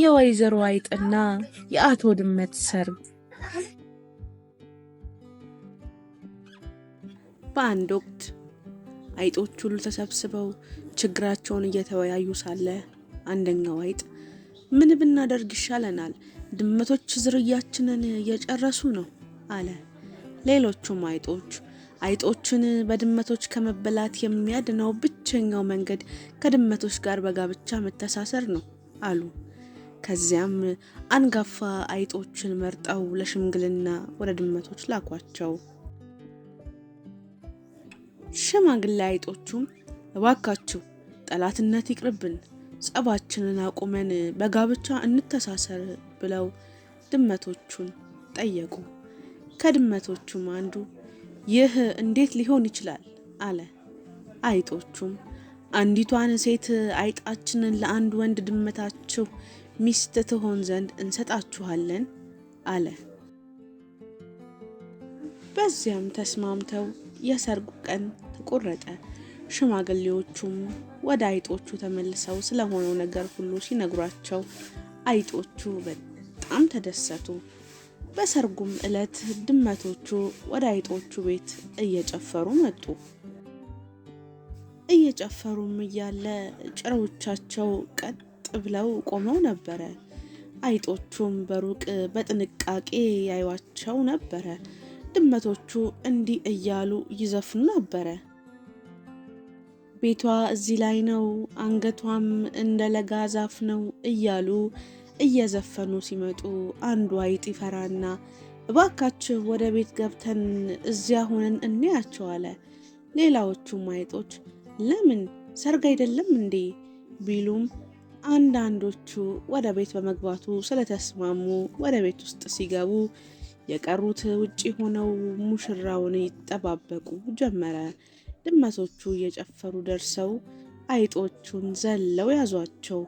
የወይዘሮ አይጥና የአቶ ድመት ሰርግ። በአንድ ወቅት አይጦች ሁሉ ተሰብስበው ችግራቸውን እየተወያዩ ሳለ አንደኛው አይጥ ምን ብናደርግ ይሻለናል? ድመቶች ዝርያችንን እየጨረሱ ነው አለ። ሌሎቹም አይጦች አይጦችን በድመቶች ከመበላት የሚያድነው ብቸኛው መንገድ ከድመቶች ጋር በጋብቻ መተሳሰር ነው አሉ። ከዚያም አንጋፋ አይጦችን መርጠው ለሽምግልና ወደ ድመቶች ላኳቸው። ሽማግሌ አይጦቹም እባካችሁ ጠላትነት ይቅርብን፣ ጸባችንን አቁመን በጋብቻ እንተሳሰር ብለው ድመቶቹን ጠየቁ። ከድመቶቹም አንዱ ይህ እንዴት ሊሆን ይችላል አለ። አይጦቹም አንዲቷን ሴት አይጣችንን ለአንድ ወንድ ድመታችሁ ሚስት ትሆን ዘንድ እንሰጣችኋለን አለ። በዚያም ተስማምተው የሰርጉ ቀን ተቆረጠ። ሽማግሌዎቹም ወደ አይጦቹ ተመልሰው ስለሆነው ነገር ሁሉ ሲነግሯቸው አይጦቹ በጣም ተደሰቱ። በሰርጉም ዕለት ድመቶቹ ወደ አይጦቹ ቤት እየጨፈሩ መጡ። እየጨፈሩም እያለ ጭራዎቻቸው ቀጥ ብለው ቆመው ነበረ። አይጦቹም በሩቅ በጥንቃቄ ያዩቸው ነበረ። ድመቶቹ እንዲህ እያሉ ይዘፍኑ ነበረ። ቤቷ እዚህ ላይ ነው፣ አንገቷም እንደ ለጋ ዛፍ ነው እያሉ እየዘፈኑ ሲመጡ አንዱ አይጥ ይፈራና እባካችሁ ወደ ቤት ገብተን እዚያ ሆነን እንያቸው አለ። ሌላዎቹም አይጦች ለምን ሰርግ አይደለም እንዴ ቢሉም አንዳንዶቹ ወደ ቤት በመግባቱ ስለተስማሙ ወደ ቤት ውስጥ ሲገቡ የቀሩት ውጭ ሆነው ሙሽራውን ይጠባበቁ ጀመረ። ድመቶቹ እየጨፈሩ ደርሰው አይጦቹን ዘለው ያዟቸው።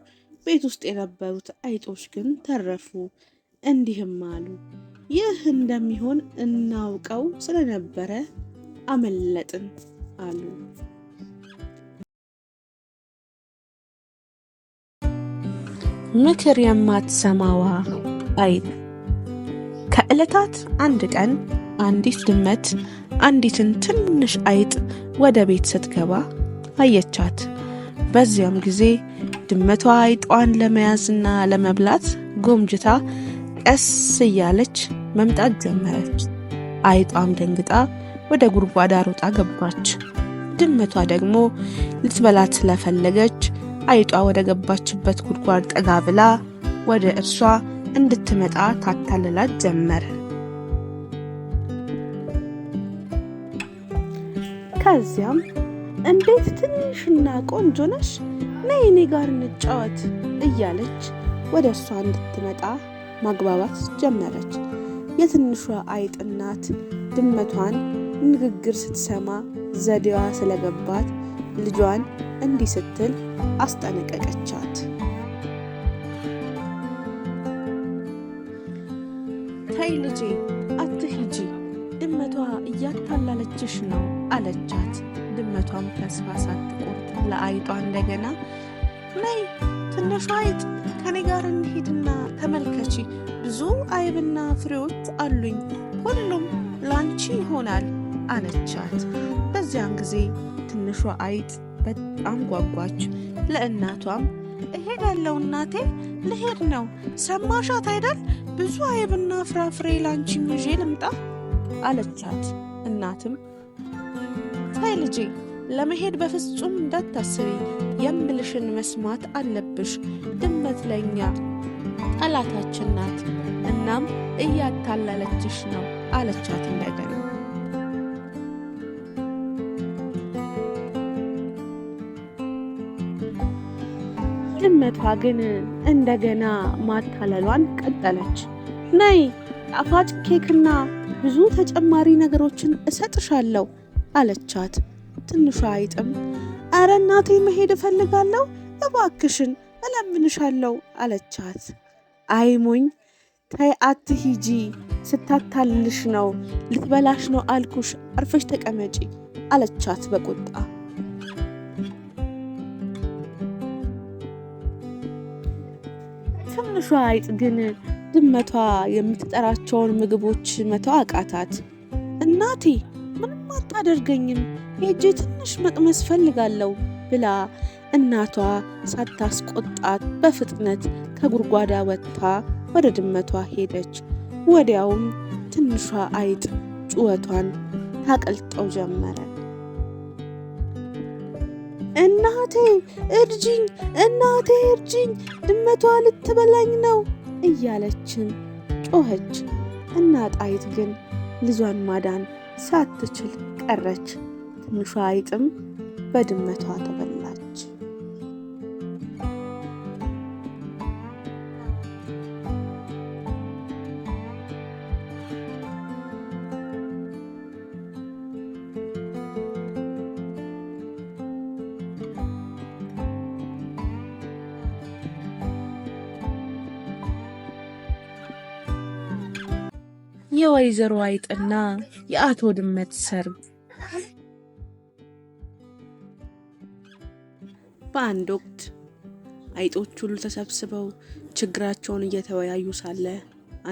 ቤት ውስጥ የነበሩት አይጦች ግን ተረፉ። እንዲህም አሉ፣ ይህ እንደሚሆን እናውቀው ስለነበረ አመለጥን አሉ። ምክር የማትሰማዋ አይጥ። ከዕለታት አንድ ቀን አንዲት ድመት አንዲትን ትንሽ አይጥ ወደ ቤት ስትገባ አየቻት። በዚያም ጊዜ ድመቷ አይጧን ለመያዝና ለመብላት ጎምጅታ ቀስ እያለች መምጣት ጀመረች። አይጧም ደንግጣ ወደ ጉድጓድ ሮጣ ገባች። ድመቷ ደግሞ ልትበላት ስለፈለገች አይጧ ወደ ገባችበት ጉድጓድ ጠጋ ብላ ወደ እርሷ እንድትመጣ ታታልላት ጀመር። ከዚያም እንዴት ትንሽና ቆንጆ ነሽ፣ ነይ እኔ ጋር እንጫወት እያለች ወደ እሷ እንድትመጣ ማግባባት ጀመረች። የትንሿ አይጥ እናት ድመቷን ንግግር ስትሰማ ዘዴዋ ስለገባት ልጇን እንዲህ ስትል አስጠነቀቀቻት። ተይ ልጄ አትሂጂ፣ ድመቷ እያታላለችሽ ነው አለቻት። ድመቷም ተስፋ ሳትቆርጥ ለአይጧ እንደገና ነይ ትንሿ አይጥ ከኔ ጋር እንሂድና ተመልከቺ፣ ብዙ አይብና ፍሬዎች አሉኝ፣ ሁሉም ላንቺ ይሆናል አለቻት። በዚያን ጊዜ ትንሿ አይጥ በጣም ጓጓች። ለእናቷም እሄዳለሁ እናቴ፣ ልሄድ ነው ሰማሻት አይደል? ብዙ አይብና ፍራፍሬ ላንቺ ይዤ ልምጣ አለቻት። እናትም ተይ ልጄ፣ ለመሄድ በፍጹም እንዳታስቢ፣ የምልሽን መስማት አለብሽ። ድመት ለእኛ ጠላታችን ናት። እናም እያታላለችሽ ነው አለቻት እንደገና እህቷ ግን እንደገና ማታለሏን ቀጠለች። ነይ ጣፋጭ ኬክና ብዙ ተጨማሪ ነገሮችን እሰጥሻለሁ አለቻት። ትንሿ አይጥም አረ እናቴ መሄድ እፈልጋለሁ፣ እባክሽን እለምንሻለሁ አለቻት። አይ ሞኝ ተይ አትሂጂ፣ ስታታልልሽ ነው፣ ልትበላሽ ነው አልኩሽ፣ አርፈሽ ተቀመጪ አለቻት በቁጣ። ትንሿ አይጥ ግን ድመቷ የምትጠራቸውን ምግቦች መተው አቃታት። እናቴ ምንም አታደርገኝም፣ ሄጄ ትንሽ መቅመስ ፈልጋለሁ ብላ እናቷ ሳታስቆጣት በፍጥነት ከጉድጓዳ ወጥታ ወደ ድመቷ ሄደች። ወዲያውም ትንሿ አይጥ ጩኸቷን ታቀልጠው ጀመረ። እናቴ እርጅኝ፣ እናቴ እርጅኝ፣ ድመቷ ልትበላኝ ነው እያለችን ጮኸች። እናት አይጥ ግን ልጇን ማዳን ሳትችል ቀረች። ትንሿ አይጥም በድመቷ ተበ የወይዘሮ አይጥና የአቶ ድመት ሰርግ። በአንድ ወቅት አይጦች ሁሉ ተሰብስበው ችግራቸውን እየተወያዩ ሳለ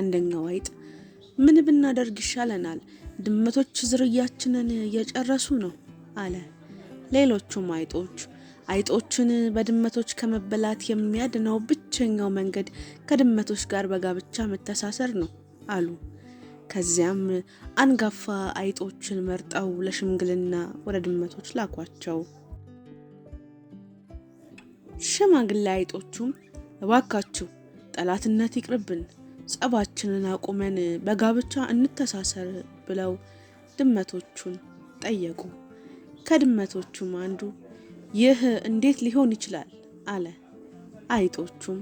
አንደኛው አይጥ ምን ብናደርግ ይሻለናል? ድመቶች ዝርያችንን እየጨረሱ ነው አለ። ሌሎቹም አይጦች አይጦችን በድመቶች ከመበላት የሚያድነው ብቸኛው መንገድ ከድመቶች ጋር በጋብቻ መተሳሰር ነው አሉ። ከዚያም አንጋፋ አይጦችን መርጠው ለሽምግልና ወደ ድመቶች ላኳቸው። ሽማግሌ አይጦቹም እባካችሁ ጠላትነት ይቅርብን፣ ጸባችንን አቁመን በጋብቻ እንተሳሰር ብለው ድመቶቹን ጠየቁ። ከድመቶቹም አንዱ ይህ እንዴት ሊሆን ይችላል አለ። አይጦቹም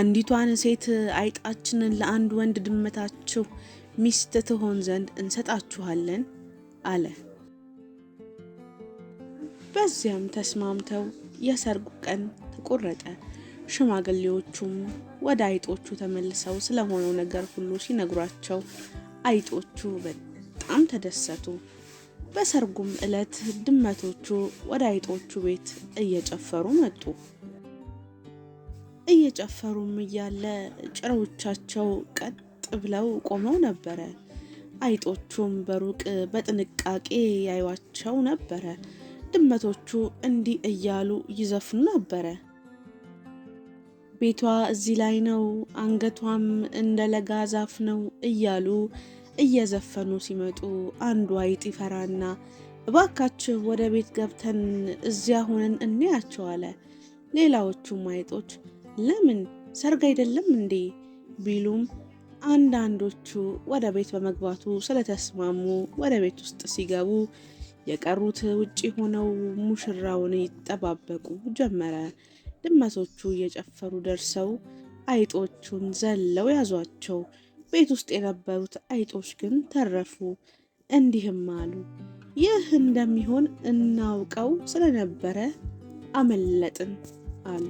አንዲቷን ሴት አይጣችንን ለአንድ ወንድ ድመታችሁ ሚስት ትሆን ዘንድ እንሰጣችኋለን አለ። በዚያም ተስማምተው የሰርጉ ቀን ተቆረጠ። ሽማግሌዎቹም ወደ አይጦቹ ተመልሰው ስለሆነው ነገር ሁሉ ሲነግሯቸው አይጦቹ በጣም ተደሰቱ። በሰርጉም ዕለት ድመቶቹ ወደ አይጦቹ ቤት እየጨፈሩ መጡ። እየጨፈሩም እያለ ጭራዎቻቸው ቀጥ ብለው ቆመው ነበረ። አይጦቹም በሩቅ በጥንቃቄ ያዩቸው ነበረ። ድመቶቹ እንዲህ እያሉ ይዘፍኑ ነበረ። ቤቷ እዚህ ላይ ነው፣ አንገቷም እንደ ለጋ ዛፍ ነው እያሉ እየዘፈኑ ሲመጡ አንዱ አይጥ ይፈራና እባካችሁ ወደ ቤት ገብተን እዚያ ሆነን እንያቸው አለ። ሌላዎቹም አይጦች ለምን ሰርግ አይደለም እንዴ ቢሉም አንዳንዶቹ ወደ ቤት በመግባቱ ስለተስማሙ ወደ ቤት ውስጥ ሲገቡ፣ የቀሩት ውጪ ሆነው ሙሽራውን ይጠባበቁ ጀመረ። ድመቶቹ እየጨፈሩ ደርሰው አይጦቹን ዘለው ያዟቸው። ቤት ውስጥ የነበሩት አይጦች ግን ተረፉ። እንዲህም አሉ፣ ይህ እንደሚሆን እናውቀው ስለነበረ አመለጥን አሉ።